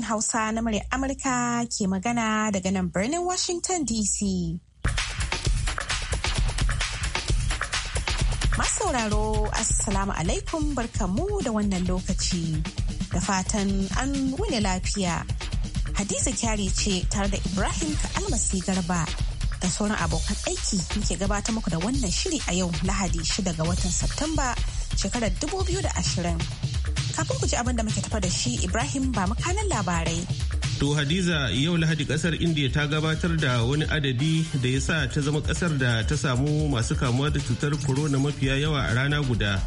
sashen Hausa na murya Amurka ke magana daga nan birnin Washington DC. sauraro Assalamu alaikum barkamu da wannan lokaci. Da fatan an wuni lafiya. Hadiza kyari ce tare da Ibrahim Almasi Garba da sauran abokan aiki muke gabatar muku da wannan shiri a yau Lahadi 6 ga watan Satumba shekarar 2020. kafin ku ji abin da muke tafa da shi Ibrahim ba makanan labarai. To Hadiza yau Lahadi kasar India ta gabatar da wani adadi da ya sa ta zama kasar da ta samu masu kamuwa da cutar corona mafiya yawa a rana guda.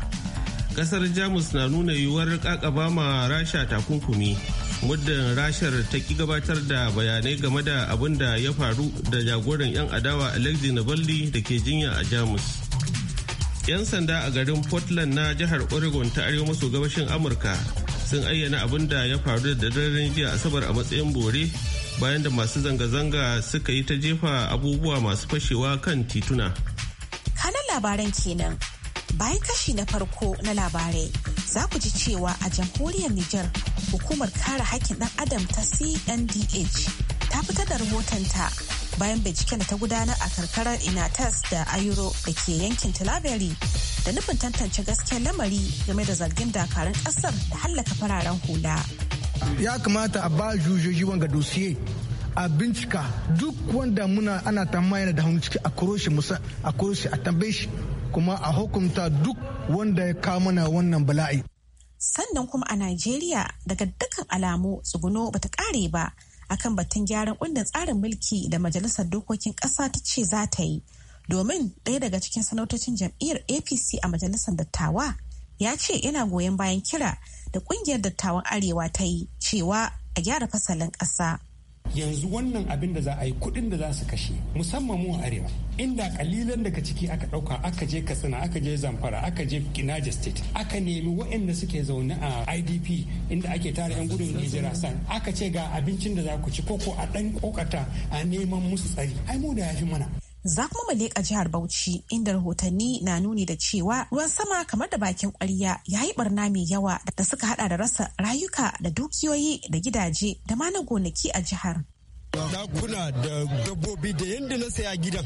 Kasar Jamus na nuna yiwuwar kakaba ma rasha takunkumi. Muddin rashar ta ki gabatar da bayanai game da abin da ya faru da jagoran 'yan adawa Alexei Navalny da ke jinya a Jamus. 'Yan sanda a garin Portland na jihar Oregon ta arewa maso gabashin Amurka sun ayyana abin da ya faru da daren jiya Asabar a matsayin bore bayan da masu zanga-zanga suka yi ta jefa abubuwa masu fashewa kan tituna. Kanan labaran kenan. Bayan kashi na farko na labarai za ku ji cewa a jamhuriyar Nijar hukumar kare haƙƙin ɗan adam ta CNDH ta fitar da rahotonta bayan binciken da ta gudanar a karkarar inatas da ayuro da ke yankin tilaberi da nufin tantance gasken lamari game da zargin dakarun kasar da hallaka fararen hula ya kamata a ba jujoji wanga dosiye a bincika duk wanda muna ana tamayana da hannu ciki a kuroshi musa a kuroshi a tambaye shi kuma a hukunta duk wanda ya kawo mana wannan bala'i sannan kuma a najeriya daga dukkan alamu tsuguno bata kare ba akan batun gyaran kundin tsarin mulki da majalisar dokokin ƙasa ta ce za ta yi domin ɗaya daga cikin sanatocin jam'iyyar apc a majalisar dattawa ya ce yana goyon bayan kira da ƙungiyar dattawan arewa ta yi cewa a gyara fasalin ƙasa yanzu wannan abin da za a yi kuɗin da za su kashe musamman mu a arewa inda kalilan daga ciki aka ɗauka aka je katsina aka je zamfara aka je kinaja state aka nemi waɗanda suke zaune a idp inda ake tara yan gudun hijira san aka ce ga abincin da za ku ci koko a ɗan kokata a neman musu tsari ai mu da ya fi mana Za kuma mu leƙa jihar Bauchi inda rahotanni na nuni da cewa ruwan sama kamar da bakin ƙwarya ya yi barna mai yawa da suka hada da rasa rayuka da dukiyoyi da gidaje da ma na gonaki a jihar. dakuna da dabbobi da yadda na saya gidan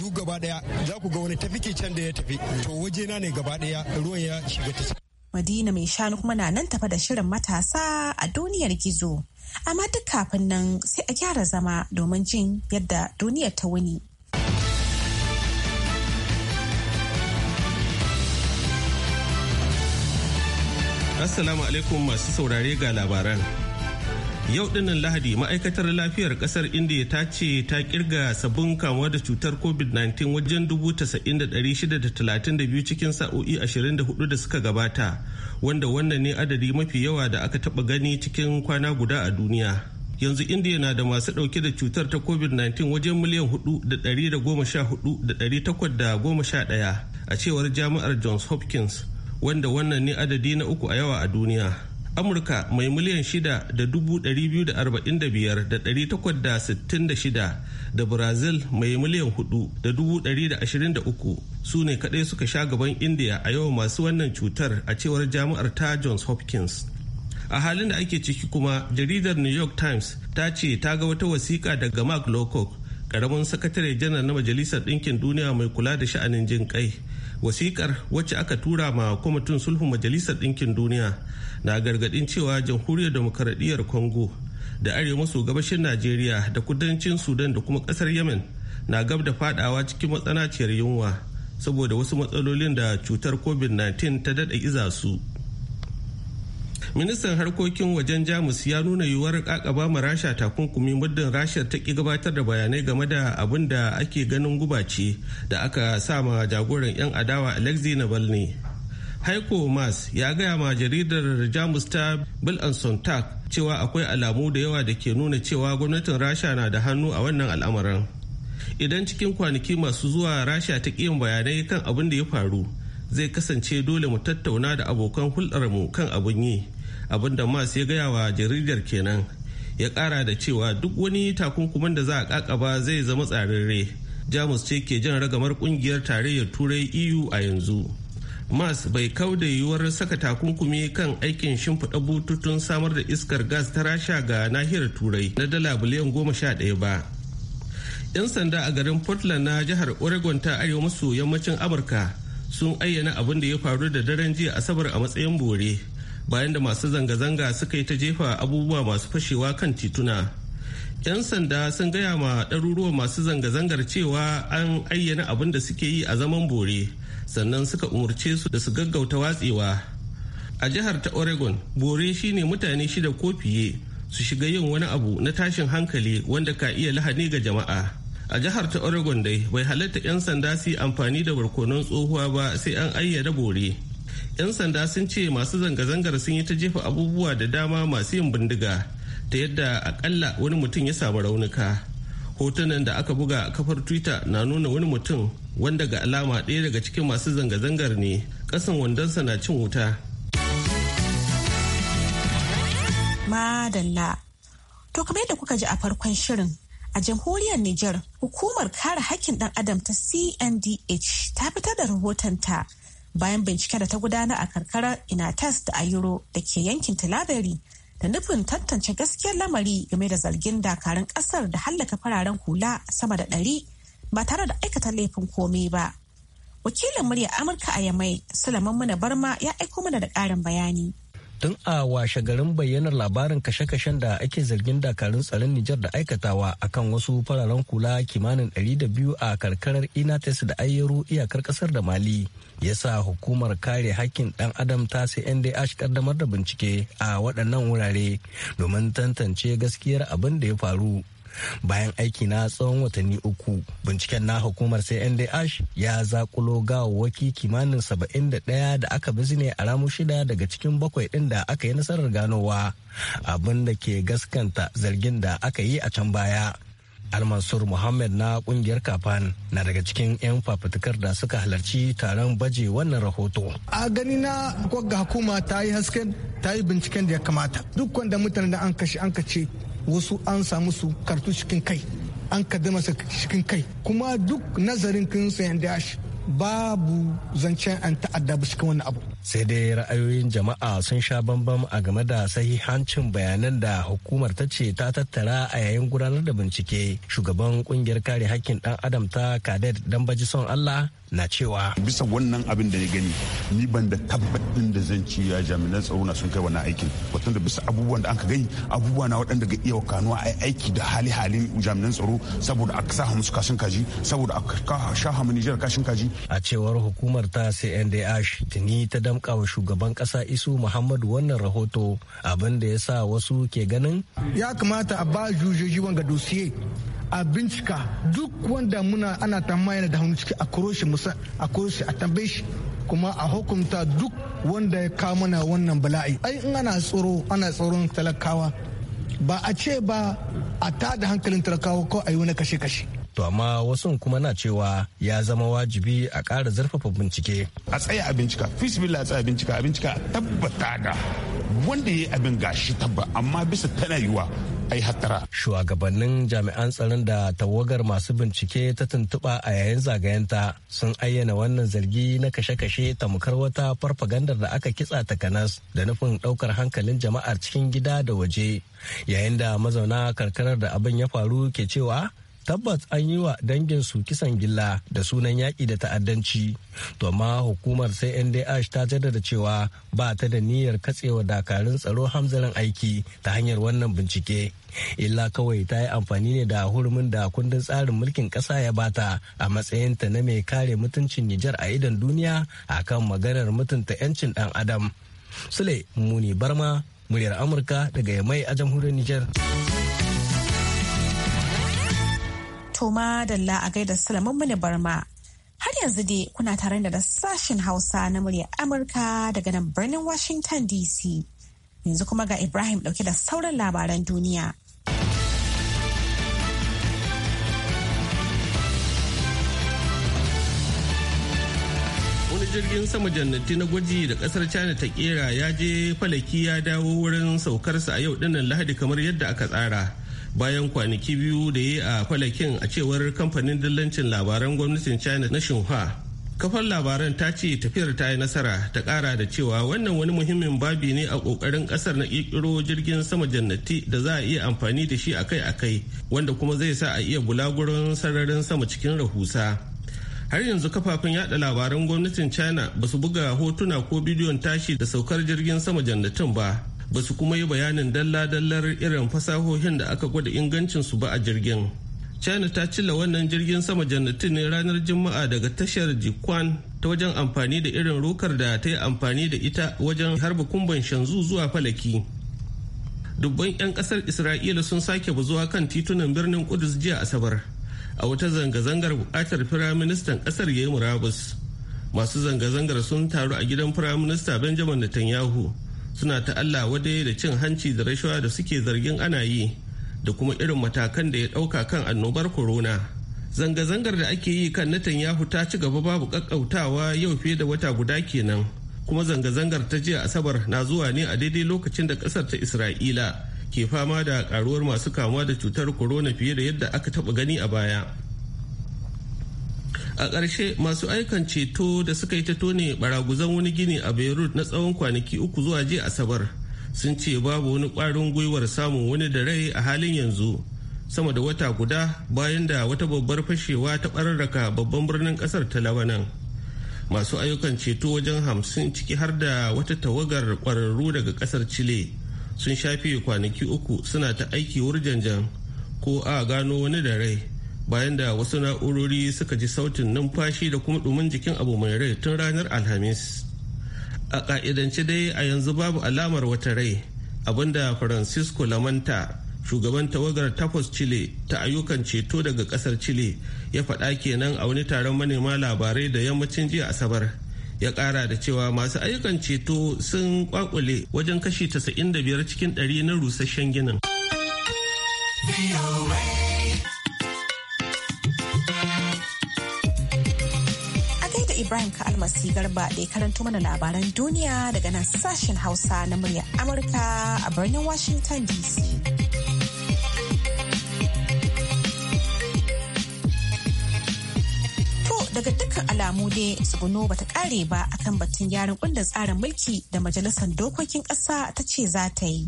duk gaba daya za ku ga wani tafi ke can da ya tafi to waje na ne gaba daya ruwan ya shiga ta Madina mai shanu kuma na nan tafa da shirin matasa a duniyar gizo amma duk kafin nan sai a gyara zama domin jin yadda duniyar ta wuni. Assalamu alaikum masu saurare ga labaran. Yau dinnan Lahadi ma'aikatar lafiyar kasar Indiya ta ce ta kirga sabbin kamuwa da cutar COVID-19 wajen 90,632 cikin sa'o'i 24 da suka gabata, wanda wannan ne adadi mafi yawa da aka taba gani cikin kwana guda a duniya. Yanzu Indiya na da masu dauke da cutar ta COVID-19 wajen miliyan 4,114,811 a cewar jami'ar Johns Hopkins. wanda wannan ne adadi na uku a yawa a duniya amurka mai miliyan shida da dubu da brazil mai miliyan hudu su ne kadai suka sha gaban india a yawan masu wannan cutar a cewar jami'ar ta johns hopkins a halin da ake ciki kuma jaridar new york times ta ce ta ga wata wasiƙa daga mark lowcock karamin sakatare janar na majalisar ɗinkin duniya mai kula da sha'anin jin kai wasikar wacce aka tura ma kwamitin sulhun majalisar ɗinkin duniya na gargaɗin cewa jamhuriyar demokaradiyyar congo da arewa maso gabashin najeriya da kudancin sudan da kuma ƙasar yemen na gab da fadawa cikin matsanaciyar yunwa saboda wasu matsalolin da cutar covid-19 ta daɗa iza su ministan harkokin wajen jamus ya nuna yiwuwar kakaba ma rasha takunkumi muddin rasha ta ki gabatar da bayanai game da abin da ake ganin gubace da aka sa ma jagoran 'yan adawa alexei navalny haiko mas ya gaya ma jaridar jamus ta bill sontag cewa akwai alamu da yawa da ke nuna cewa gwamnatin rasha na da hannu a wannan al'amarin idan cikin kwanaki masu zuwa rasha ta yin bayanai kan abin da ya faru zai kasance dole mu tattauna da abokan hulɗarmu kan abin yi abin da mas ya gaya wa jaridar kenan ya ƙara da cewa duk wani takunkumin da za a ƙaƙaba zai zama tsararre jamus ce ke jan ragamar ƙungiyar tarayyar turai eu a yanzu mas bai kauda da yiwuwar saka takunkumi kan aikin shimfiɗa bututun samar da iskar gas ta rasha ga nahiyar turai na dala biliyan goma sha ɗaya ba 'yan sanda a garin portland na jihar oregon ta arewa maso yammacin amurka sun ayyana abin da ya faru da daren jiya asabar a matsayin bore bayan da masu zanga-zanga suka yi ta jefa abubuwa masu fashewa kan tituna 'yan sanda sun gaya ma ɗaruruwan masu zanga-zangar cewa an ayyana abin da suke yi a zaman bore sannan suka umarce su da su gaggauta watsewa a jihar ta oregon bore shine mutane shida ko fiye su shiga yin wani abu na tashin hankali wanda ka iya lahani ga jama'a a jihar ta oregon dai bai halatta 'yan sanda su amfani da barkonon tsohuwa ba sai an ayyada bore 'yan sanda sun ce masu zanga-zangar sun yi ta jefa abubuwa da dama masu yin bindiga ta yadda akalla wani mutum ya samu raunuka hotunan da aka buga a kafar twitter na nuna wani mutum wanda ga alama ɗaya daga cikin masu zanga-zangar ne ƙasan wandonsa na cin wuta madalla to kamar yadda kuka ji a farkon shirin A jamhuriyar Nijar, hukumar kare hakkin ɗan adam ta CNDH ta fitar da rahotonta bayan bincike da ta gudana a karkarar Inatas da Ayuro da ke yankin talabari da nufin tantance gaskiyar lamari game da zargin dakarun ƙasar da hallaka fararen hula sama da ɗari ba tare da aikata laifin komai ba. Wakilin murya Amurka a Yamai, Sulaiman Muna Barma ya aiko mana da ƙarin bayani. tun a washe garin bayyanar labarin kashe-kashen da ake zargin dakarun tsaron Nijar da aikatawa akan wasu fararen kula kimanin 200 a karkarar Inates da Ayyaro iyakar kasar da Mali. ya sa hukumar kare hakkin ɗan adam ta CNDH kaddamar da bincike a waɗannan wurare domin tantance gaskiyar abin da ya faru. bayan aiki na tsawon watanni uku binciken na hukumar sai cndh ya zakulo gawawwaki kimanin 71 da aka bizne a ramu shida daga cikin bakwai ɗin da aka yi nasarar ganowa abin da ke gaskanta zargin da aka yi a can baya almansur muhammad na kungiyar kafan na daga cikin 'yan fafutukar da suka halarci taron baje wannan rahoto a gani na ga hukuma ta yi hasken ta yi binciken da ya kamata duk wanda mutane da an kashe an kace wasu an samu su kartu cikin kai an kaddama su cikin kai kuma duk nazarin kin sayan babu zancen an ta'adda ba cikin wani abu sai dai ra'ayoyin jama'a sun sha bambam a game da sahihancin bayanan da hukumar ta ce ta tattara a yayin gudanar da bincike shugaban kungiyar kare hakkin dan adam ta kadet dan baji son allah na cewa bisa wannan abin da ya gani ni ban da tabbatin da zan ci ya jami'an tsaro na sun kai wannan aikin watan da bisa abubuwan da anka gani abubuwa na waɗanda ga iya kanuwa a aiki da hali halin jami'an tsaro saboda a sa musu kashin kaji saboda a sha hamu nijar kashin kaji a cewar hukumar ta cndh tuni ta damƙa wa shugaban kasa isu muhammadu wannan rahoto abin da ya sa wasu ke ganin ya kamata a ba jujuji wanga dosiye a bincika duk wanda muna ana tamayana da hannu ciki a kuroshi a kuroshi a tambaye shi kuma a hukunta duk wanda ya kawo mana wannan bala'i ai in ana tsoro ana tsoron talakawa ba a ce ba a tada hankalin talakawa ko a yi wani kashe-kashe to amma wasu kuma na cewa ya zama wajibi a ƙara zurfafa bincike a tsaya a bincika fisibila a tsaya bincika a bincika tabbata da wanda ya yi abin gashi tabba amma bisa tana yiwa ai hattara. Shugabannin jami'an tsaron da tawagar masu bincike ta tuntuɓa a yayin zagayenta sun ayyana wannan zargi na kashe-kashe tamkar wata farfagandar da aka kitsa takanas da nufin ɗaukar hankalin jama'ar cikin gida da waje yayin da mazauna karkarar da abin ya faru ke cewa tabbas an yi wa danginsu kisan gilla da sunan yaƙi da ta'addanci to amma hukumar sai ndh ta jaddada cewa ba ta da niyyar katsewa dakarun tsaro hamzarin aiki ta hanyar wannan bincike illa kawai ta yi amfani ne da hurumin da kundin tsarin mulkin ƙasa ya bata a matsayinta na mai kare mutuncin nijar a idan duniya akan maganar mutunta 'yancin ɗan adam sule muni barma muryar amurka daga mai a jamhuriyar nijar Toma Dalla a gaida Salamun Mini Barma. Har yanzu dai kuna tare da sashen Hausa na muryar Amurka daga nan birnin Washington DC. Yanzu kuma ga Ibrahim dauke da sauran labaran duniya. Wani jirgin sama jannati na gwaji da kasar China ta kera ya je falaki ya dawo wurin saukarsa a yau dinnan Lahadi kamar yadda aka tsara. bayan kwanaki biyu da yi a kwalakin a cewar kamfanin dillancin labaran gwamnatin china na shinhua kafar labaran ta ce tafiyar ta yi nasara ta kara da cewa wannan wani muhimmin babi ne a kokarin kasar na kirkiro jirgin sama jannati da za a iya amfani da shi akai-akai wanda kuma zai sa a iya bulaguron sararin sama cikin rahusa har yanzu kafafen yada labaran gwamnatin china ba su buga hotuna ko bidiyon tashi da saukar jirgin sama jannatin ba ba su kuma yi bayanin dalla-dallar irin fasahohin da aka gwada ingancinsu ba a jirgin china ta cilla wannan jirgin sama jannatin ne ranar juma'a daga tashar jikwan ta wajen amfani da irin rokar da ta yi amfani da ita wajen harba kumban shanzu zuwa falaki dubban 'yan kasar isra'ila sun sake bazuwa kan titunan birnin kudus jiya asabar a wata zanga-zangar bukatar firaministan kasar ya yi murabus masu zanga-zangar sun taru a gidan firaminista benjamin netanyahu suna ta Allah wadai da cin hanci da rashawa da suke zargin ana yi da kuma irin matakan da ya ɗauka kan annobar corona. Zanga-zangar da ake yi kan Netanyahu ta ci gaba babu ƙaƙƙautawa yau fiye da wata guda kenan. Kuma zanga-zangar ta jiya Asabar na zuwa ne a daidai lokacin da ƙasar ta Isra'ila ke fama da ƙaruwar masu kamuwa da cutar corona fiye da yadda aka taɓa gani a baya. a ƙarshe masu aikan ceto da suka yi ta tone baraguzan wani gini a beirut na tsawon kwanaki uku zuwa jiya asabar sun ce babu wani ƙwarin gwiwar samun wani da rai a halin yanzu sama da wata guda bayan da wata babbar fashewa ta ɓararraka babban birnin ƙasar ta labanan masu ayyukan ceto wajen hamsin ciki har da wata tawagar ƙwararru daga ƙasar chile sun shafe kwanaki uku suna ta aiki wurjanjan ko a gano wani da rai bayan da wasu na'urori suka ji sautin numfashi da kuma dumin jikin abu mai rai tun ranar alhamis a ka'idance dai a yanzu babu alamar wata rai abinda francisco lamanta shugaban tawagar tafos chile ta ayyukan ceto daga kasar chile ya faɗa kenan a wani taron manema labarai da yammacin jiya asabar ya ƙara da cewa masu ayyukan ceto sun kwakule wajen kashi 95 cikin 100 na rusasshen ginin. Ibrahim ka Almasi Garba da ya karanto mana labaran duniya daga nan sashen Hausa na murya Amurka a birnin Washington DC. To daga dukkan alamu dai tsuguno bata kare ba akan batun gyaran kundin tsarin mulki da majalisar dokokin kasa ta ce za ta yi.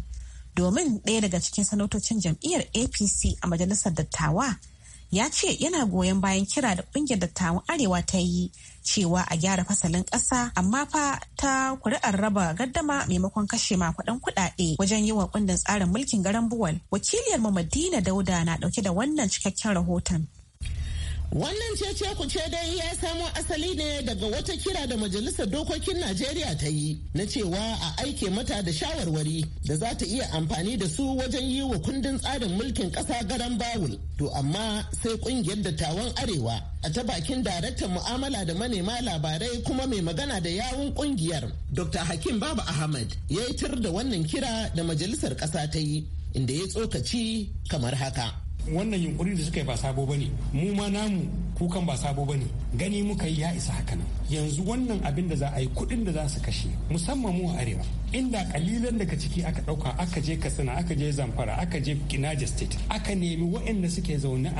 Domin ɗaya daga cikin sanatocin jam'iyyar APC a majalisar dattawa ya ce yana goyon bayan kira da kungiyar dattawan arewa ta yi cewa a gyara fasalin ƙasa amma fa ta kuri'ar raba gaddama maimakon kashe makudan kuɗaɗe wajen yi wa kundin tsarin mulkin garan buwal wakiliyar mu madina dauda na ɗauke da wannan cikakken rahoton Wannan cece ku ce dai ya samo asali ne daga wata kira da Majalisar Dokokin Najeriya ta yi na cewa a aike mata da shawarwari da za ta iya amfani da su wajen yi wa kundin tsarin mulkin ƙasa garan bawul. To amma sai ƙungiyar dattawan Arewa a ta bakin daraktan mu'amala da manema labarai kuma mai magana da yawun ƙungiyar Dr. Hakim Babu Ahmad ya yi tar da wannan kira da Majalisar ƙasa ta yi inda ya tsokaci kamar haka. wannan yunkuri da suka yi ba sabo bane mu ma namu kukan ba sabo bane gani muka yi ya isa haka nan yanzu wannan abin da za a yi kuɗin da za su kashe musamman mu a arewa inda kalilan daga ciki aka ɗauka aka je katsina aka je zamfara aka je kinaja state aka nemi waɗanda suke zaune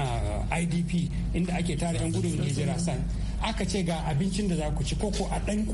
a idp inda ake tara yan gudun hijira san aka ce ga abincin da za ku ci koko a ɗan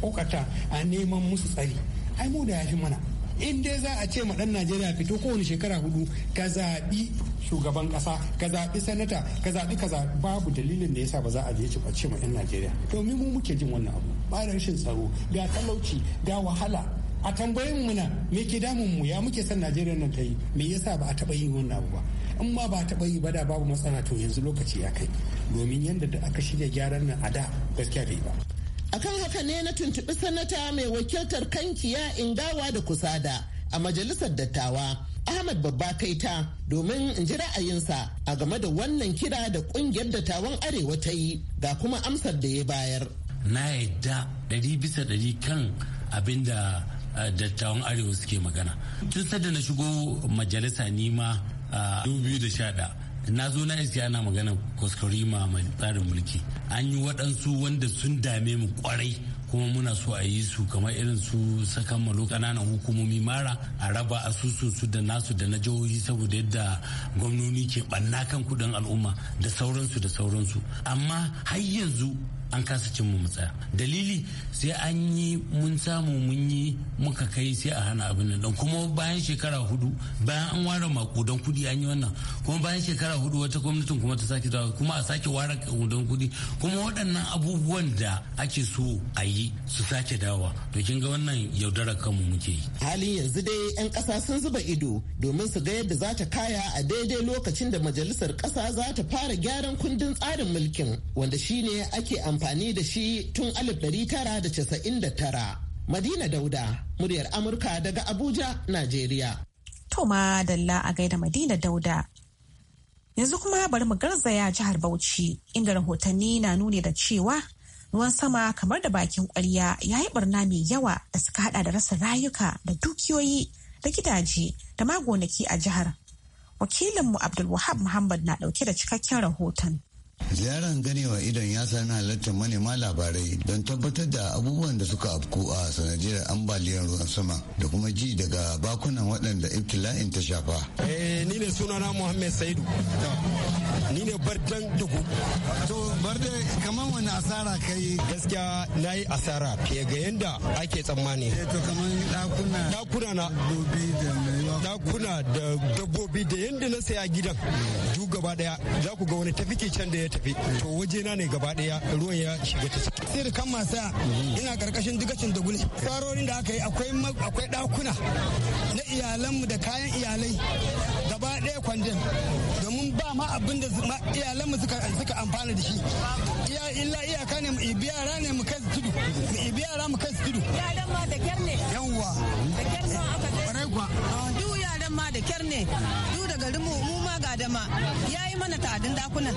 kokata a neman musu tsari ai mu da ya fi mana in dai za a ce ma dan najeriya fito kowane shekara hudu ka zaɓi shugaban ƙasa ka zaɓi sanata ka zaɓi kaza babu dalilin da yasa ba za a je a ce ma yan najeriya domin mu muke jin wannan abu ba rashin tsaro ga talauci ga wahala a tambayin muna me ke damun mu ya muke san najeriya nan ta yi me yasa ba a taɓa yin wannan abu ba in ma ba taɓa yi ba da babu matsala to yanzu lokaci ya kai domin yadda da aka shirya gyaran nan a da gaskiya bai ba akan haka ne na tuntuɓi sanata mai wakiltar kankiya in gawa da kusada a majalisar dattawa Ahmad Babba Kaita domin in ji ra'ayinsa a game da wannan kira da kungiyar dattawan Arewa ta yi ga kuma amsar da ya bayar. Na yadda ɗari bisa ɗari kan abin da eh, dattawan Arewa suke magana. Tun sadda na shigo majalisa nima a 2011 na zo na iske ana magana ma mai tsarin mulki an yi waɗansu wanda sun dame mu kwarai kuma muna so a yi su kamar irin su sakan malo ƙananan hukumomi mara a raba asusun su da nasu da na jihohi saboda yadda gwamnoni ke ɓanna kan kuɗin al'umma da sauransu da sauransu amma har yanzu an kasa cin mu tsaya dalili sai an yi mun samu mun yi muka kai sai a hana abin nan dan kuma bayan shekara hudu bayan an ware makudan kudi an yi wannan kuma bayan shekara hudu wata gwamnatin kuma ta sake dawo kuma a sake ware makudan kudi kuma waɗannan abubuwan da ake so a yi su sake dawa to kin ga wannan yaudarar kanmu muke yi halin yanzu dai yan ƙasa sun zuba ido domin su ga yadda za ta kaya a daidai lokacin da majalisar ƙasa za ta fara gyaran kundin tsarin mulkin wanda shi ne ake amfani da shi tun 1999. Madina Dauda, muryar Amurka daga Abuja, Najeriya. To Dalla a gaida Madina Dauda. Yanzu kuma bari mu garzaya jihar Bauchi, inda rahotanni na nune da cewa ruwan sama kamar da bakin kwarya ya yi barna mai yawa da suka hada da rasa rayuka da dukiyoyi da gidaje da magonaki a jihar. Wakilinmu Abdulwahab Muhammad na dauke da cikakken rahoton. ziyarar ganewa idon ya sami halittar manema labarai don tabbatar da abubuwan da suka afku a sanadiyar ambaliyar ruwan sama da kuma ji daga bakunan waɗanda ibtila'in ta shafa eh, ni ne sunana muhammed saidu ni ne bardan dugu to barde kamar wani asara kai gaskiya na yi asara fiye ga yadda ake tsammani eh, to kamar dakuna dakuna na dakuna da dabbobi da yadda na saya gidan duk gaba daya za ku ga wani tafi can da ya tafi tafi to waje na ne gaba daya ruwan ya shiga ta ciki sai da kan masa ina karkashin dukacin da gulu tsarorin da aka yi akwai akwai dakuna na iyalanmu da kayan iyalai gaba daya kwandin domin ba ma abin da iyalanmu suka suka amfana da shi iya illa iyaka ne mu ibi yara ne mu kai tudu mu ibi yara mu kai tudu yaran ma da kyar ne yawwa da kyar ma aka kai kuwa du yaran ma da kyar ne du da garin mu mu ma ga dama yayi mana tadin dakunan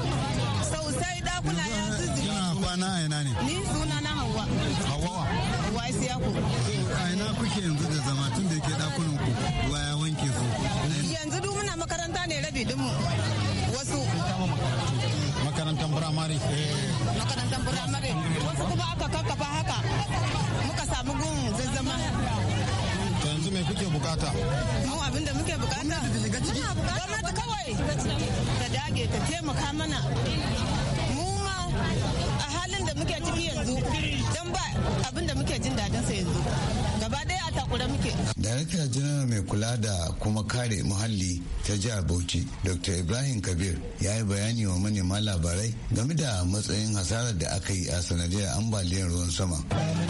sai dakuna ya zuzi kina kwana a ne ni suna na hawa hawa hawa ku a kuke yanzu da zama tun da ke dakunan ku wanke su yanzu muna makaranta ne rabi dinmu wasu Makarantan firamare eh. firamare wasu kuma aka kakkafa haka muka samu gun zazzama yanzu me kuke bukata mu abinda muke muna bukata gwamnati kawai ta dage ta taimaka mana a halin da muke ciki yanzu don ba abin da muke jin dadin sa yanzu gaba ɗaya a takura muke darakta janar mai kula da kuma kare muhalli ta jihar bauchi dr ibrahim kabir ya yi bayani wa manema labarai game da matsayin hasarar da aka yi a sanadiyar ambaliyar ruwan sama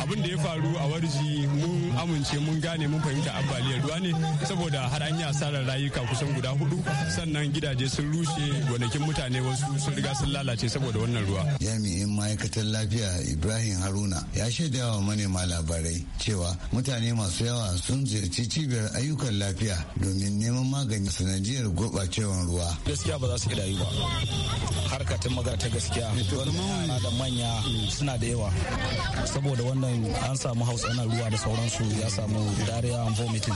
abin da ya faru a warji mun amince mun gane mun fahimta ambaliyar ruwa ne saboda har an yi asarar rayuka kusan guda hudu sannan gidaje sun rushe gonakin mutane wasu sun riga sun lalace saboda wannan ruwa jami'in ma'aikatar lafiya ibrahim haruna ya shaidawa manema labarai cewa mutane masu yawa sun ziyarci ziyarci cibiyar ayyukan lafiya domin neman magani sanadiyar gurɓacewar ruwa gaskiya ba za su ilayu ba harka magana ta gaskiya eh, yara da manya suna da yawa saboda wannan an samu hausa na ruwa da sauransu ya samu dariya and vomiting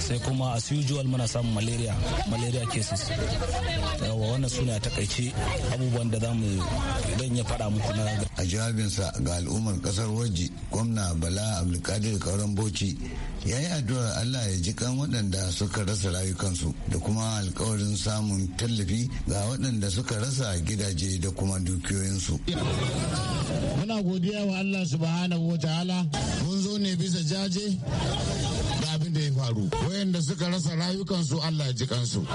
sai kuma as usual muna samun malaria malaria cases yawa wannan suna a takaice abubuwan da za mu dan ya faɗa muku na a jawabinsa ga al'ummar kasar waje gwamna bala abdulkadir kauran bauchi ya yi addu'ar Allah ya ji kan waɗanda suka rasa rayukansu da kuma alkawarin samun tallafi ga waɗanda suka rasa gidaje da kuma dukiyoyinsu. Muna godiya wa Allah subhanahu wa ta'ala mun zo ne bisa jaje faru wayanda suka rasa rayukansu Allah ya ji kansu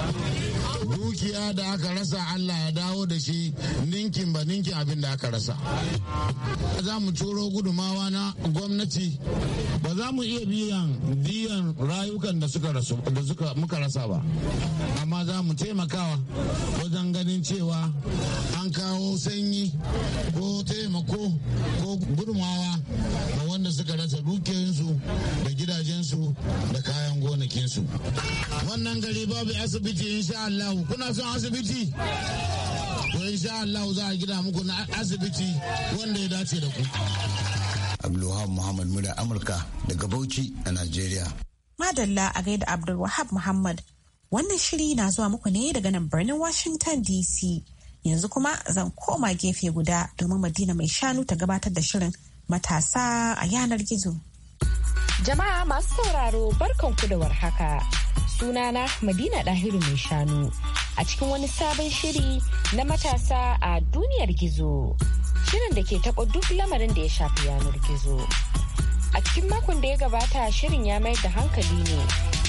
dukiya da aka rasa Allah ya dawo da shi ninkin ba ninkin abin da aka rasa za mu coro gudumawa na gwamnati ba za mu iya biyan diyan rayukan da suka rasu da suka muka rasa ba amma za mu taimakawa wajen ganin cewa an kawo sanyi ko taimako ko gudumawa ga wanda suka rasa dukiyoyinsu da gidajensu da kayan gonakinsu wannan gari babu asibiti insha Allah kuna son asibiti to insha Allah za a gina muku na asibiti wanda ya dace da ku Abdulwahab Muhammad Mura Amurka daga Bauchi a Najeriya Madalla a gaida Abdulwahab Muhammad wannan shiri na zuwa muku ne daga nan birnin Washington DC yanzu kuma zan koma gefe guda domin Madina mai shanu ta gabatar da shirin matasa a yanar gizo. Jama'a masu sauraro ku da warhaka. Sunana Madina Dahiru mai shanu a cikin wani sabon shiri na matasa a duniyar gizo. Shirin da ke taɓa duk lamarin da ya shafi yanar gizo. A cikin makon da ya gabata shirin ya mai da hankali ne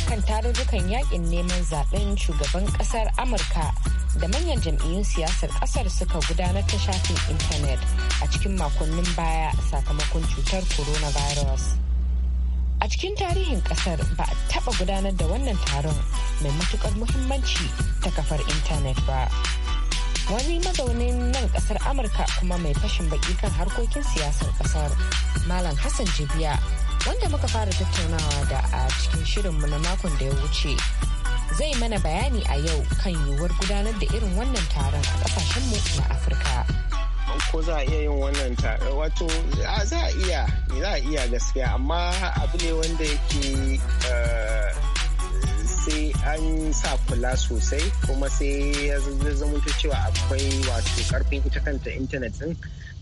kan tarurrukan yakin neman zaɓen shugaban ƙasar Amurka da manyan jam'iyyun siyasar ƙasar suka gudanar ta shafin intanet a cikin makonnin baya sakamakon cutar coronavirus. A cikin tarihin kasar ba a taɓa gudanar da wannan taron mai matukar muhimmanci ta kafar intanet ba. Wani mazaunin nan kasar Amurka kuma mai fashin baki kan harkokin siyasar kasar, Malam Hassan Jibiya, wanda muka fara tattaunawa da a cikin shirinmu na makon da ya wuce. Zai mana bayani a yau kan yiwuwar gudanar da irin wannan taron a kasashenmu na Afirka. ko za a iya yin wannan taro wato za a iya za a iya gaskiya amma abu ne wanda yake eh, sai an sa kula sosai kuma sai ya zama cewa akwai wato karfin ita kanta intanet din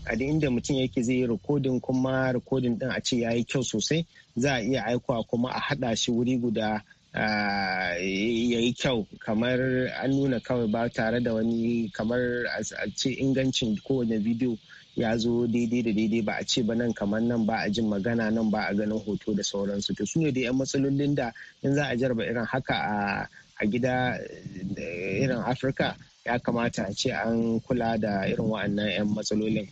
a da inda mutum yake zai yi rikodin kuma rikodin din a ce ya yi kyau sosai za a iya aikowa kuma a haɗa shi wuri guda Ah, ya yi kyau kamar an nuna kawai ba tare da wani kamar a ce ingancin kowane bidiyo ya zo daidai da daidai ba a ce ba nan kamar nan ba a jin magana nan ba a ganin hoto da sauransu to su ne da 'yan matsalolin da in za a jarba irin haka a gida eh, irin afirka ya kamata a ce an kula da irin wa'annan 'yan matsalolin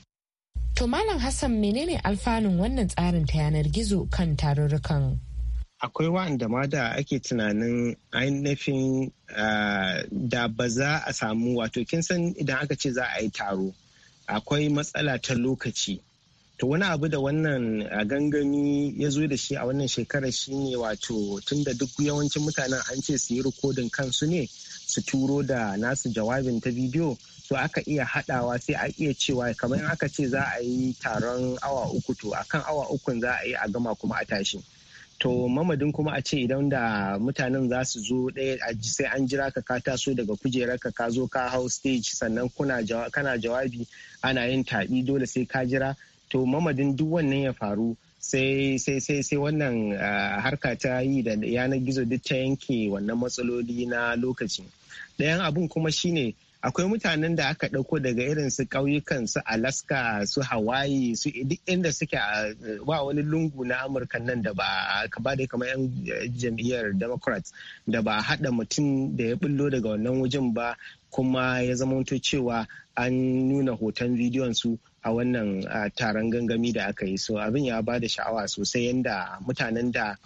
to malam hassan menene alfanun wannan tsarin ta yanar gizo kan tarurrukan akwai wa'anda ma da ake tunanin ainihin ah, da ba za a samu wato kin san idan aka ce za a yi taro akwai matsala ta lokaci to wani abu da wannan ah, gangami ya zo da shi a wannan shekarar shine wato tunda duk yawancin mutanen an ce su yi rikodin kansu ne su turo da nasu jawabin ta bidiyo to aka iya haɗawa sai a iya cewa kamar aka ce za a yi taron awa uku to akan awa ukun za a yi a gama kuma a tashi. to mamadin kuma a ce idan da mutanen za su zo ɗaya sai an jira ka ka taso daga kujerar ka ka zo ka hau stage sannan kuna kana jawabi ana yin taɓi dole sai ka jira to mamadin duk wannan ya faru sai sai sai wannan harka ta yi da yanar gizo duk ta yanke wannan matsaloli na lokaci ɗayan abun kuma shine akwai mutanen da aka ɗauko daga irin su ƙauyukan su alaska su hawaii su duk inda suke ba wani lungu na amurka nan da ba ba da kamar yan eh, jam'iyyar democrats da ba a haɗa mutum da ya bullo daga wannan wajen ba kuma ya zama zamanto cewa an nuna hoton bidiyon su a wannan taron gangami da aka yi so abin ya ba da sha'awa sosai yadda mutanen da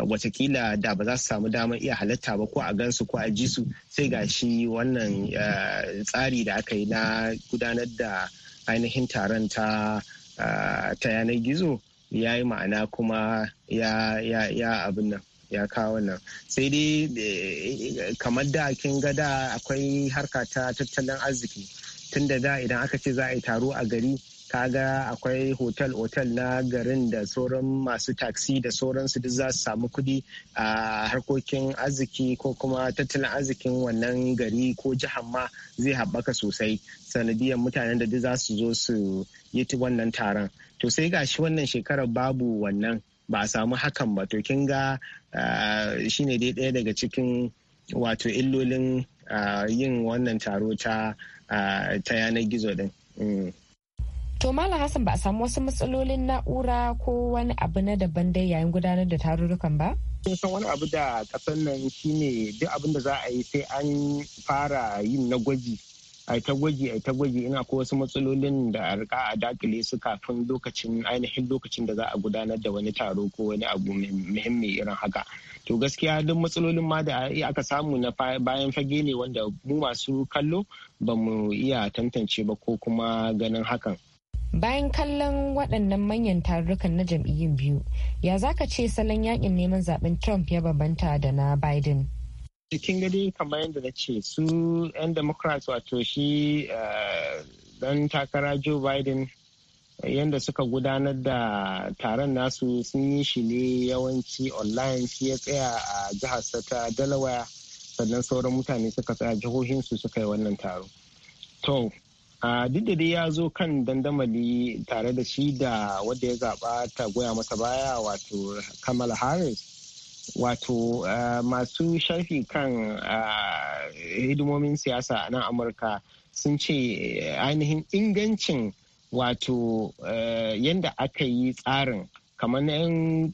watakila da ba za su samu damar iya halatta ba ko a gansu ko a ji su sai ga shi wannan eh, tsari da aka yi na gudanar da ainihin taron ta eh, yanar gizo ya yi ma'ana kuma ya abin nan ya kawo nan sai dai eh, kamar da kin ga da akwai harka ta tattalin arziki tun da da idan aka ce za a yi taro a gari kaga akwai hotel-hotel na garin da sauran masu taxi da sauransu duk za su samu kudi a harkokin arziki ko kuma tattalin arzikin wannan gari ko jihar ma zai haɓaka sosai sanadiyar mutanen da duk za su zo su yi ta wannan taron to sai ga shi wannan shekarar babu wannan ba a samu hakan ba to kin ga shine dai ɗaya daga cikin wato illolin yin wannan taro ta yanar gizo din. Mm. To Malam Hassan ba a samu wasu matsalolin na'ura ko wani abu na daban dai yayin gudanar da tarurrukan ba? san wani abu da kasan nan shine duk abin da za a yi sai an fara yin na gwaji. a ta gwaji a ta gwaji ina ko wasu matsalolin da rika a dakile su kafin lokacin ainihin lokacin da za a gudanar da wani taro ko wani abu muhimmi irin haka to gaskiya duk matsalolin ma da aka samu na bayan fage ne wanda mu masu kallo ba mu iya tantance ba ko kuma ganin hakan bayan kallon waɗannan manyan tarurrukan na jam'iyyun biyu ya zaka ce salon yakin neman zaben trump ya bambanta da na biden cikin eh, gadi kamar yadda na ce su 'yan democrats wato shi dan eh, takara joe biden yadda suka gudanar da taron nasu sun yi shi ne yawanci online shi ya tsaya a jihar ta delaware sannan sauran mutane suka tsaya jihohinsu suka yi wannan taro duk da dai ya zo kan dandamali tare da shi da wadda ya zaba ta goya masa baya wato kamala harris wato eh, masu shafi kan eh, hidimomin siyasa a nan amurka sun ce eh, ainihin ingancin wato yadda aka yi tsarin kamar na 'yan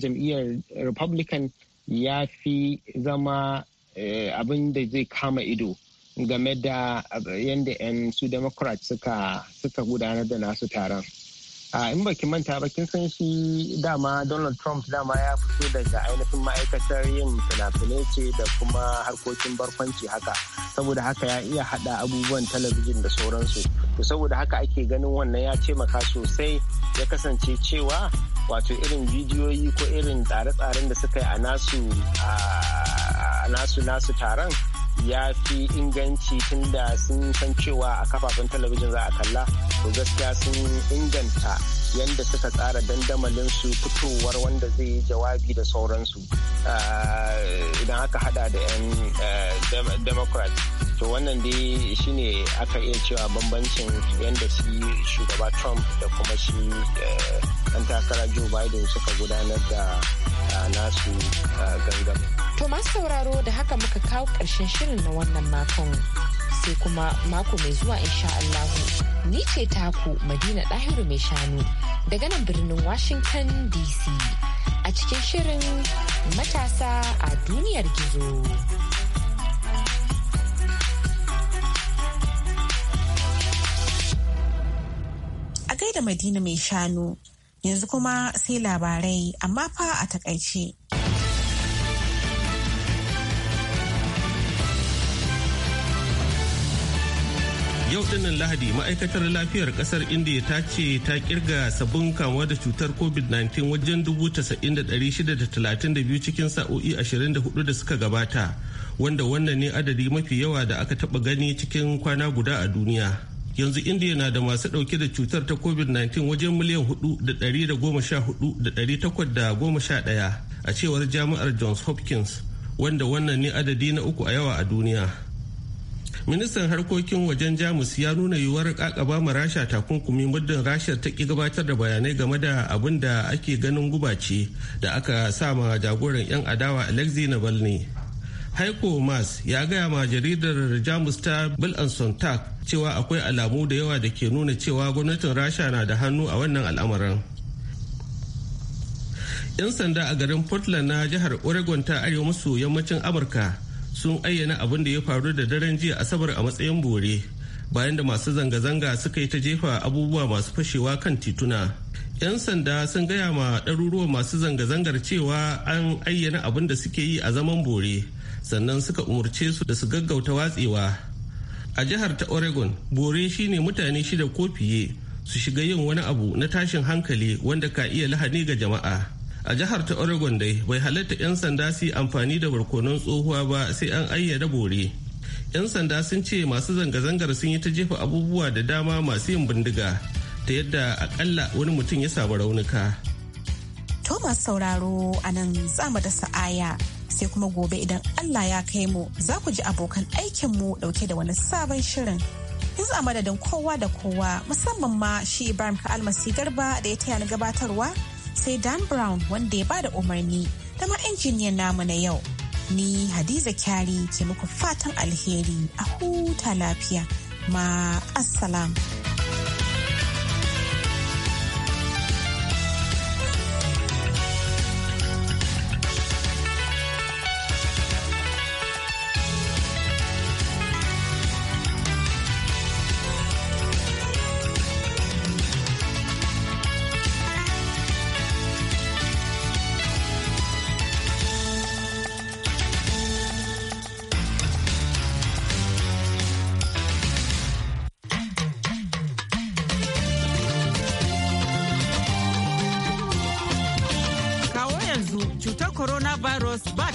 jam'iyyar republican ya fi zama abin da zai kama ido game da yadda uh, 'yan su democrat suka gudanar da nasu taron in baki manta ba kin san shi dama donald trump dama ya fito daga ainihin ma'aikatar yin fina-finai ce da kuma harkokin barkwanci haka saboda haka ya iya hada abubuwan talabijin da sauransu to saboda haka ake ganin wannan ya taimaka sosai ya kasance cewa wato irin bidiyoyi ko irin tsare-tsaren da suka yi a nasu nasu taron ya fi inganci tunda sun san cewa a kafafen talabijin za a kalla to gaskiya sun inganta yadda suka tsara dandamalin su fitowar wanda zai yi jawabi da sauransu ah, idan aka hada da 'yan eh, democrats to wannan dai shine aka iya cewa bambancin yadda shi shugaba trump da kuma shi dan eh, takara joe biden suka gudanar da eh, nasu eh, gangan to masu sauraro da haka muka kawo ƙarshen shirin na wannan makon sai kuma mako mai zuwa insha Allahu ni ce taku madina ɗahiru mai shanu daga nan birnin washington dc a cikin shirin matasa a duniyar gizo. da Madina mai shanu. Yanzu kuma sai labarai amma fa a takaice. Yau dinnan Lahadi ma'aikatar lafiyar kasar India ta ce ta kirga sabbin kamuwa da cutar COVID-19 wajen 90,632 cikin sa'o'i 24 da suka gabata, wanda wannan ne adadi mafi yawa da aka taba gani cikin kwana guda a duniya. yanzu indiya na da masu dauke da cutar ta covid-19 wajen miliyan 4,114,811 a cewar jami'ar johns hopkins wanda wannan ne adadi na uku a yawa a duniya ministan harkokin wajen jamus ya nuna yiwuwar kakaba ma rasha takunkumi muddin rashar ta ki gabatar da bayanai game da abin da ake ganin gubace da aka sa ma jagoran 'yan adawa alexei balne. haiko mas ya gaya ma jaridar jamus ta bill and cewa akwai alamu da yawa da ke nuna cewa gwamnatin rasha na da hannu a wannan al'amarin yan sanda a garin portland na jihar oregon ta arewa maso yammacin amurka sun ayyana abin da ya faru da daren jiya asabar a matsayin bore bayan da masu zanga-zanga suka yi ta jefa abubuwa masu fashewa kan tituna 'yan sanda sun gaya ma ɗaruruwan masu zanga-zangar cewa an ayyana abin da suke yi a zaman bore sannan suka umarce su da su gaggauta watsewa a jihar ta oregon bore shine mutane shida ko fiye su shiga yin wani abu na tashin hankali wanda ka iya lahani ga jama'a a jihar ta oregon dai bai halatta 'yan sanda su yi amfani da barkonon tsohuwa ba sai an ayyana bore 'yan sanda sun ce masu zanga-zangar sun yi ta jefa abubuwa da dama masu yin bindiga ta yadda akalla wani mutum ya samu raunuka. thomas sauraro a nan za mu da sa'aya sai kuma gobe idan Allah ya kai mu za ku ji abokan aikinmu dauke da wani sabon shirin. Yanzu a madadin kowa da kowa musamman ma shi Ibrahim Almasi Garba da ya taya ni gabatarwa sai Dan Brown wanda ya ba da umarni da ma injiniyan namu na yau. Ni Hadiza Kyari ke muku fatan alheri a huta lafiya ma assalam.